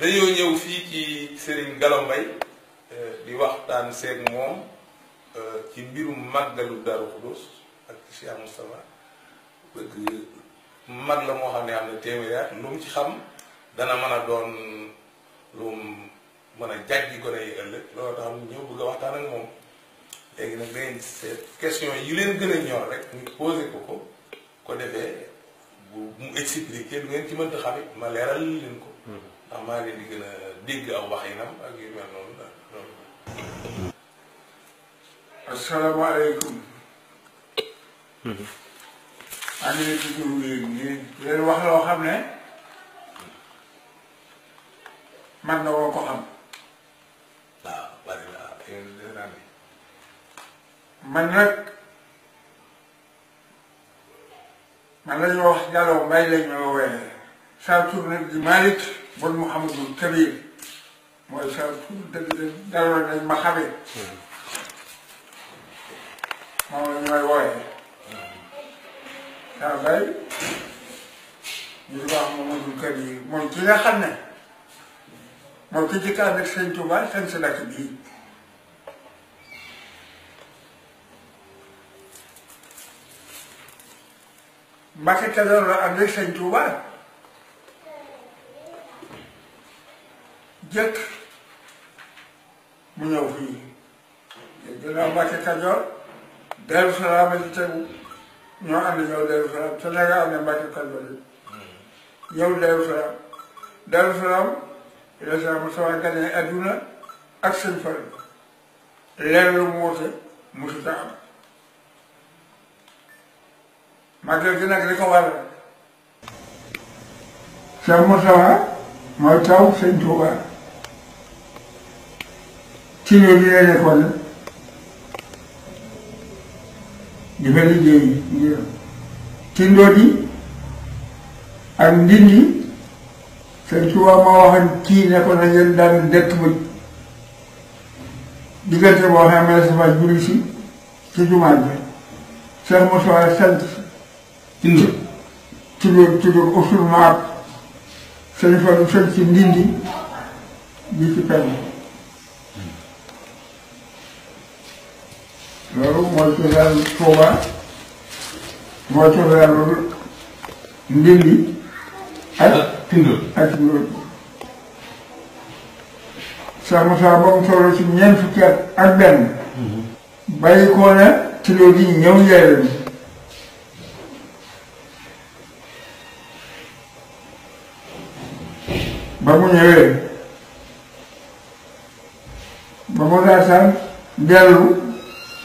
dañoo ñëw fii ci Serigne Gallo Mbaye euh, di waxtaan seeg moom euh, ci mbirum màggalu Darou Khoudoss ak Cheikh Moustapha bëgg mag la moo xam ne am na téeméeri at lu mu ci xam dana mën a doon lu mu mën a jàjji gone yi ëllëg loolu tax mu ñëw bëgg a waxtaan ak moom léegi nag dangeen seet question yi leen gën a ñor rek ñu posé ko ko ko defee bu mu expliqué lu ngeen ci mënta xamit ma leeral leen ko mm-hmm. ndax maa leen di gën a dégg aw waxinam ak yu mel noonu daal loolu. asalaamaaleykum. Mhm. maa ngi leen di déglu leen wax loo xam ne man na woo ko xam. waaw ah, bari na man nag man la ñu wax Diallo Mbaye la ñu woowee saa tur nag di bon Mouhamadul Kabir mooy sa tur dëgg dëgg dara nañ ma xamee moom la ñu may wooyee daa bay ñu di wax Mouhamadul Kabir moom ki nga xam ne moom ki jëkk ànd ak sëñ Tuubaa seen si dëkk bii Mbàkke Kajoor la ànd ak sëñ Tuubaa jëkk mu ñëw fii ginnaaw Mbàkke Kajoor Daaru Salaam ci tegu ñoo ànd ñëw Daaru Salaam te na am ne Mbàkke Kajoor yi hmm. ñëw Daaru Salaam Daaru Salaam resa mu sawa gane adduna ak sëñ Fari leer lu mu woote musuta am màggal gi nag li ko waral Cheikh Moussa mooy taw sëñ Tuubaa ci ne li la nekkoon dafa liggéey ngiram tindoodi ak ndindi sëñ Tuubaa moo waxoon kii nekkoon na ngeen daan dëkk ba diggante boo xam ne safa julli si ci jumaat bi Cheikh Moussa sant si tudd tudd usul maat ci ndindi bi ci penn loolu mooy cosaan Tuuba mooy cosaan loolu ndindi ak tindóol ak tindóol Cheikh Moussa ba mu toll ci ñeent fukki at ak benn bàyyi koo ba mu ñëwee ba mu daataan dellu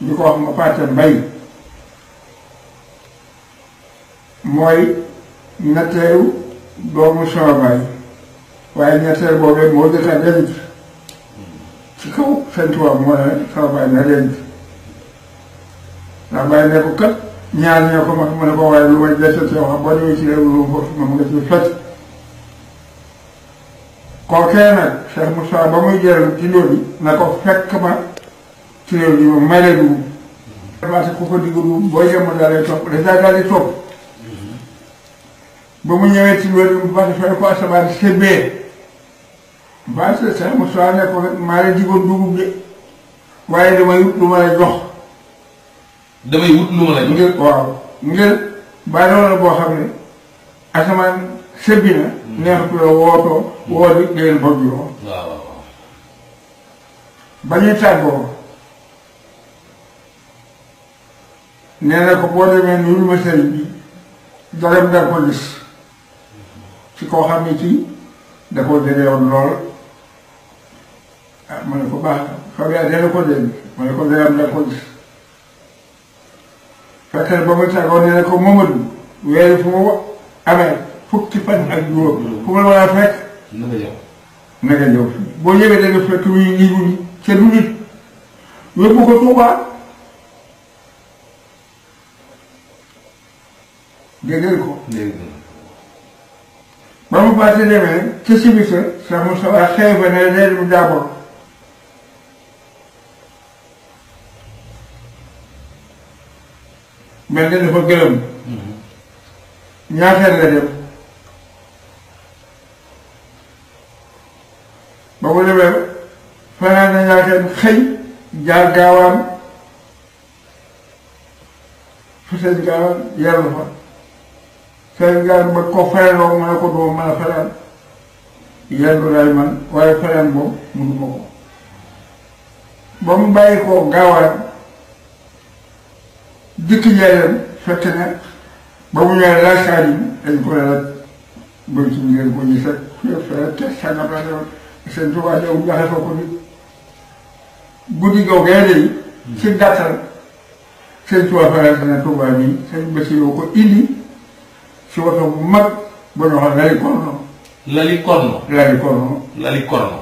ñu ko wax ma paata mbay mooy natteeru doomu sama baay waaye natteer boobee moo jot a ci kaw seen tubaab moo ne sama baay na denc ndax bàyyi ne ko kat ñaar ñoo ko mag mu waaye lu may desal soo xam boo ci réew lu mu ma nga ci fett kookee nag Cheikh Moussa ba muy jëral ci loolu na ko fekk ma ci réew mi moom may la dugub. parce topp dafa daal di topp ba mu ñëwee ci loolu ba fay ko asamaan sebee ba sa soo ne ko asamaan sebbi na. Hmm. neexatu la wootoo. woo di leen bëgg yoo. ba ñuy tàggoo. nee na ko boo demee nuyul ma sëriñ bi dagam da ko gis ci koo xam ne ci da koo jege woon ah, ma ne ko baax xam nga nee na ko ko dagam da ko gis fekk ba ma tàggoo ko Tuubaa dégg ngeen ko. dégg ba mu baatee demee ca Sibisa. sax mu sa waa xëy ne leen mu daaboo. mel ne dafa gëlëm. Mm-hmm. ñaateel la dem. ba mu demee fanaan na ñaateel xëy jaar gaawaan fa seen gaawaan yàlla fa. seen gaan ba ko fayloo ma ne ko doo mën a fayal yendu lay man waaye fayal boobu mënu ma ko ba mu bàyyi koo gaawaayam dikk njaareem fekk ba mu ñëwee laajtaay yi dañ ko laaj bëri ci ngeen ko ñu fekk fekk te sangam la demoon seen tubaab yow joxe ko ko nit guddi googee léegi ci gàttal seen tubaab fayal sa ne tubaab yi seen bés yoo ko suba bu mag ba ñu wax lali korno. lali korno. lali korno. lali korno.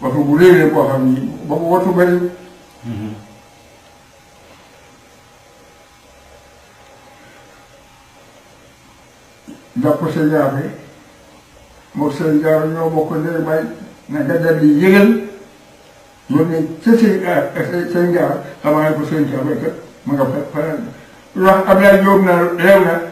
waxtu bu rëy boo xam ni ba mu wattu bëri. Mhm. jàpp sa jaar bi jaar ñoo bokk ndey bay na nga dal di yëgal yónnee ca seen seen jaar xamaa ne ko fa faral di wax Abdoulaye na réew na.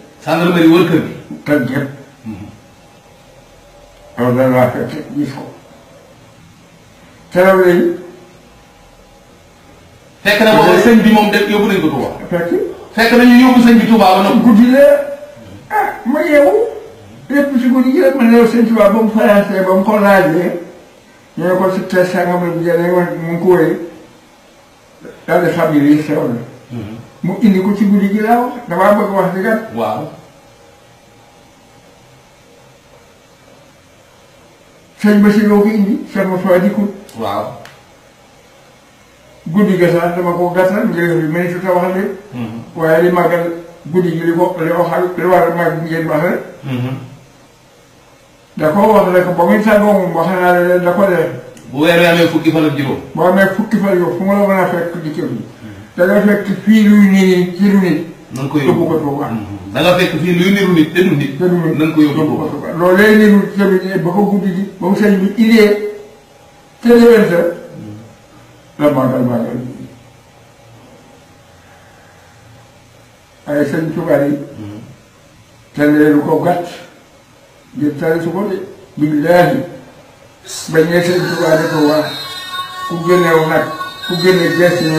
sa wër kër gi. toj yëpp. loolu daal laa fekk gis ko. keroog lañ. fekk na boobu sëñ moom dem yóbbu nañ ko Touba. fekk fekk nañu yóbbu sëñ bi Touba ba noppi. guddi la ah ma yeewu. lépp si guddi gi rek ma neew sëñ Touba ba mu faransé ba mu ko laajee ñu ne ko si test sangam la bu jëlee mu ngi daal di xam ne lii mm-hmm. mu indi ko ci guddi gi laaw damaa bëgg wax di kat. waaw. sëñ Bachir moo ko indi sëñ Moussa dikkul. waaw. guddi ga sax dama ko gàttal ngir bi mënatu ta wax lépp. Mm-hmm. waaye li màggal guddi gi li ko li waxal li war a màgg ngeen wax rek. Mm-hmm. da koo wax rek ba muy tàggoo moom wax naa la da ko leer. bu weer wi amee fukki fan ak juróom. boo amee fukki fan yow fu ma la mën a fekk di ceeb bi. da nga fekk fii luy niru ci lu nit. nan ko yóbbu ko Tuuba. da nga fekk fii luy niru nit te du nit. te mhm. du nit nan ko yóbbu ko Tuuba. loolu lay niru ceeb bi ba ko guddi ji ba mu sëñ bi idée te déwén sa la màggal màggal ay sëñ Tuuba yi. Mhm. te leelu ko gàtt ngir tari su ko de billaahi bañ ne sëñ Tuubaa ne ko waa ku génneew nag ku génne gerte dee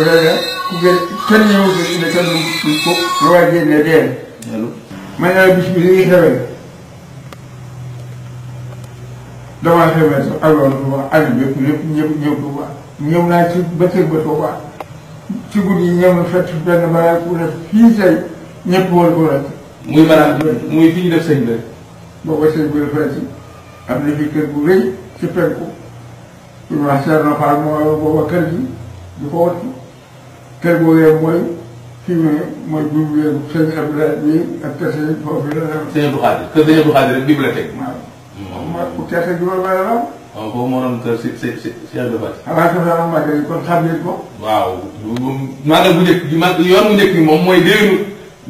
ma ne bis bi li xewee damaa xewee sa alors waa àll bi yëpp ñëw ko waa ñëw naa ci bëccëg ba ko waa ci guddi ñëw na fekk benn balaa ku ne fii tey ñëpp war ko rek muy maanaam muy fi ñu def sëñ bi booba sëñ bi la fekk am na fi kër bu rëy ci penku ñu wax Seydou Fall mooy booba kër gi di ko wattu kër googee mooy fii mu ne mooy bibliothèque sëñ Abdoulaye bi ak kese yi foofu la dem. sëñ Abdou Khadir kër sëñ Abdou Khadir rek bibliothèque. waaw mooy ku teete juróom benn la. waaw boobu moo doon kër si si si si Abdou Khadir. xanaa ko sax màggal yi kon xam ngeen ko. waaw màggal bu njëkk bi yoon bu njëkk bi moom mooy déwénu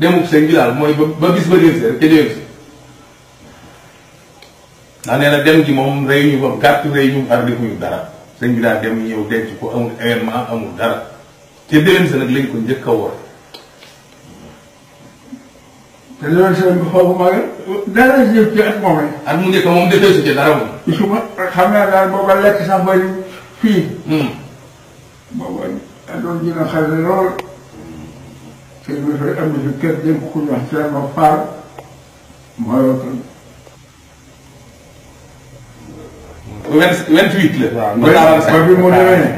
demuk sëñ bi daal mooy ba bis ba déwén si rek ca déwén si. ndax nee na dem gi moom rey ñu ko gàtt rey ar defuñu dara sëñ bi daa dem ñëw denc ko amul dara te déwén sa nag lañ ko njëkk a wor foofu ma dara ñëw ci at moom rek. at mu njëkk moom defee su ci dara moom. su ma xam naa daal booba lekk sax bari fii. Hmm. booba doon ñu ne xale lool. sëñ bi am na fi ku ñu wax Thierno Fall vingt vingt huit la. waaw ba bi mu demee.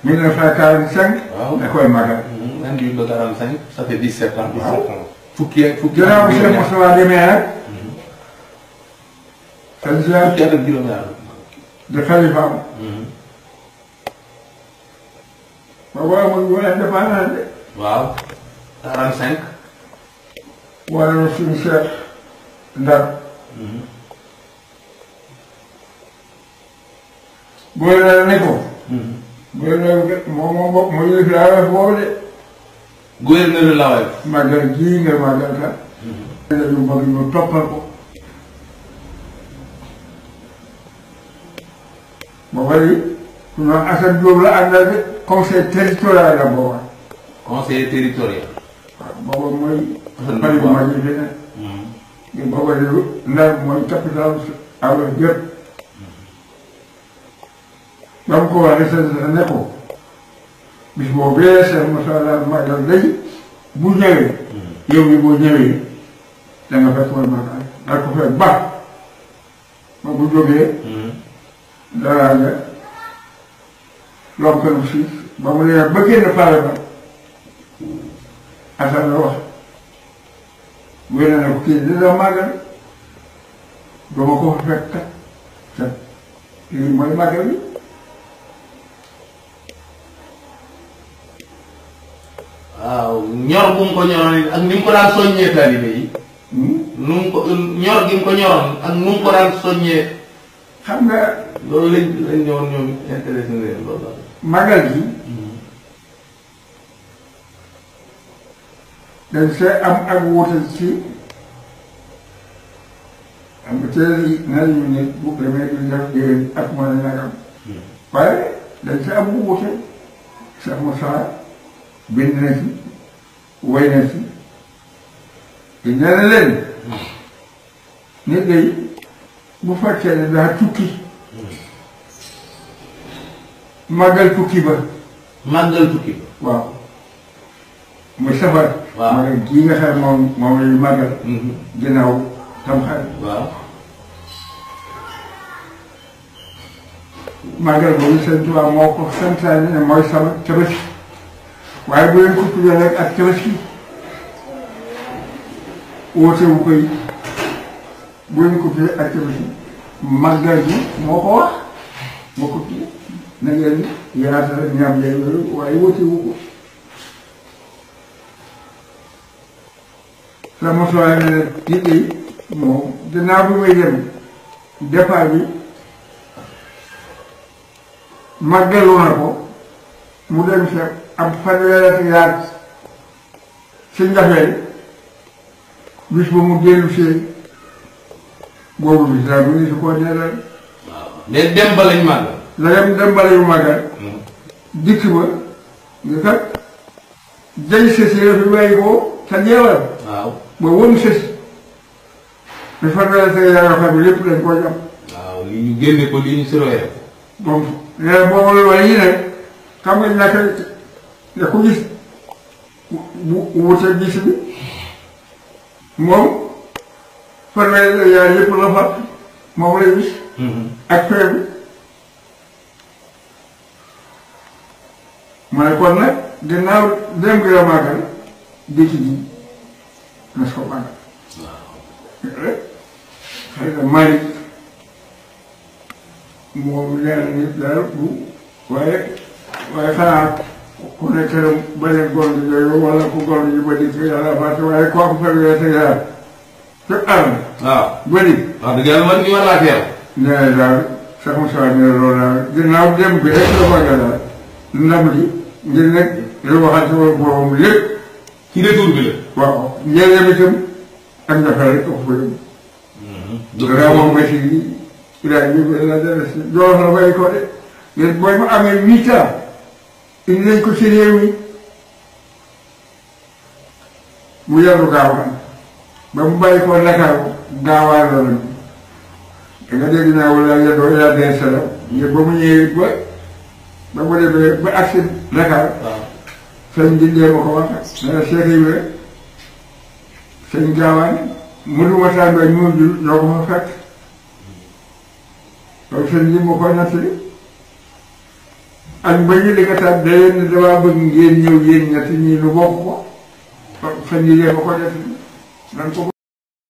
mille neuf cent quarante cinq. waaw da koy magal. Hmm, vingt huit ba quarante cinq ça fait dix sept ans. waaw fukki ak fukki ak juróom-ñaar monsieur Moustapha demee nag. seen ziar fukki ak juróom-ñaar. de xalifaam. ba booy mooy bu leen dépendant de. waaw. quarante cinq. wala suñu seet ndar. Hmm. booy laa ne ko. booy laa moom moo bokk moo yële laawaay boobu de. gouverneur laawaay. màggal toppal ko. ba pare ñu naan Assane la àndal de conseil territorial la booba. territorial. waaw booba mooy. Hmm. mooy mooy capital alors jëpp. ba mu ko waxee sa sa ko bis boo bee Cheikh Moussa daal màggal léegi bu ñëwee hmm. yow mi boo ñëwee da fekk mooy màggal da ko fekk baax ba bu jógee hmm. dara nga lonkal si ba mu nee ba génn pare ba asan la wax wéne na ko kii dina màggal dama ko fekk kat kat lii mooy màggal waaw ñor bu mu ko ñoroon ak ni mu ko daan soññee taalibe yi hmm? nu mu ko ñor gi mu ko ñoroon ak nu mu ko daan soññee xam nga loolu lañ lañ ñëwoon ñoom intéressé na leen loolu magal gi hmm. dañ see am ak wuute ci am nga teel yi na ñu ne bu demee duñ def déwén ak mën a nagam hmm. waaye dañ see am wuute Cheikh Moussa bind na ci وينتي إننا لن ندي مفكر لها توكي magal tukki ba. magal tukki ba. waaw muy safar. waaw magal gii nga xam moom moom la ñu magal. ginnaaw tamxarit. waaw. magal boobu seen tubaab moo ko santaane ne mooy sama tabaski. waaye bu leen ko tuddee nag ak tabaski woote koy bu leen ko tuddee ak tabaski màggal gi moo ko wax moo ko tuddee na ngeen yaatal ñaam jaay yooyu waaye woote wu ko sama soxla ne nag liggéey moom danaa bu may dem départ bi màggaloo ko mu dem seet ak fanweeri ak yaar ci njafee bis ba mu dellu see boobu bis daal mu ngi si koo dee daal. la dem dem ba lañu hmm. dikk ba nga kat jay sës yi fi bàyyi ko sa jeewal. waaw ba wëm sës. te fanweeri ak yaar xam ne lépp lañ koo jàpp. waaw génne ko li ñu sërëwee. bon léegi boobu la wala yi ne xam nga ñàkk te ku gis bu wute gis bi moom fanweeri yaay lépp la fa moom lay gis. Mm-hmm. ak fee bi. ma ne kon nag ginnaaw dem gi la màggal dëkk bi na soo màggal. Eh? xëy na Malick moom leer na nit daal bu waaye waaye xanaa. ku ne këram bañ a gond yooyu wala ku gond yu bëri fi yàlla fàtte waaye kooku fekk yooyu te yàlla fi am ma laajte yàlla nee daal sax mu saa ne loolu daal ginnaaw dem bi rek la bëgg daal ndam bi la waaw njëriñam itam ak njafe rek ëpp mm-hmm. dëgg amee huit indi nañ ci réew mi mu yaru gaawaan ba mu bàyyi ko Dakar gaawaan la nag da nga dégg naa wala doo yaa dee sala ngir ba mu ñëwee ba ba mu demee ba agsi Dakar sëñ bi ndee ma ko wax dana Cheikh Ibra sëñ gaawaan mënu ma tàmbali mu jul ñoo ko fa fekk loolu sëñ bi ma ko ak ba ñu liggataat dayoo ne damaa bëgg ngeen ñëw yéen ñetti ñii nu bokk ko fan yii yéen a ko def nan ko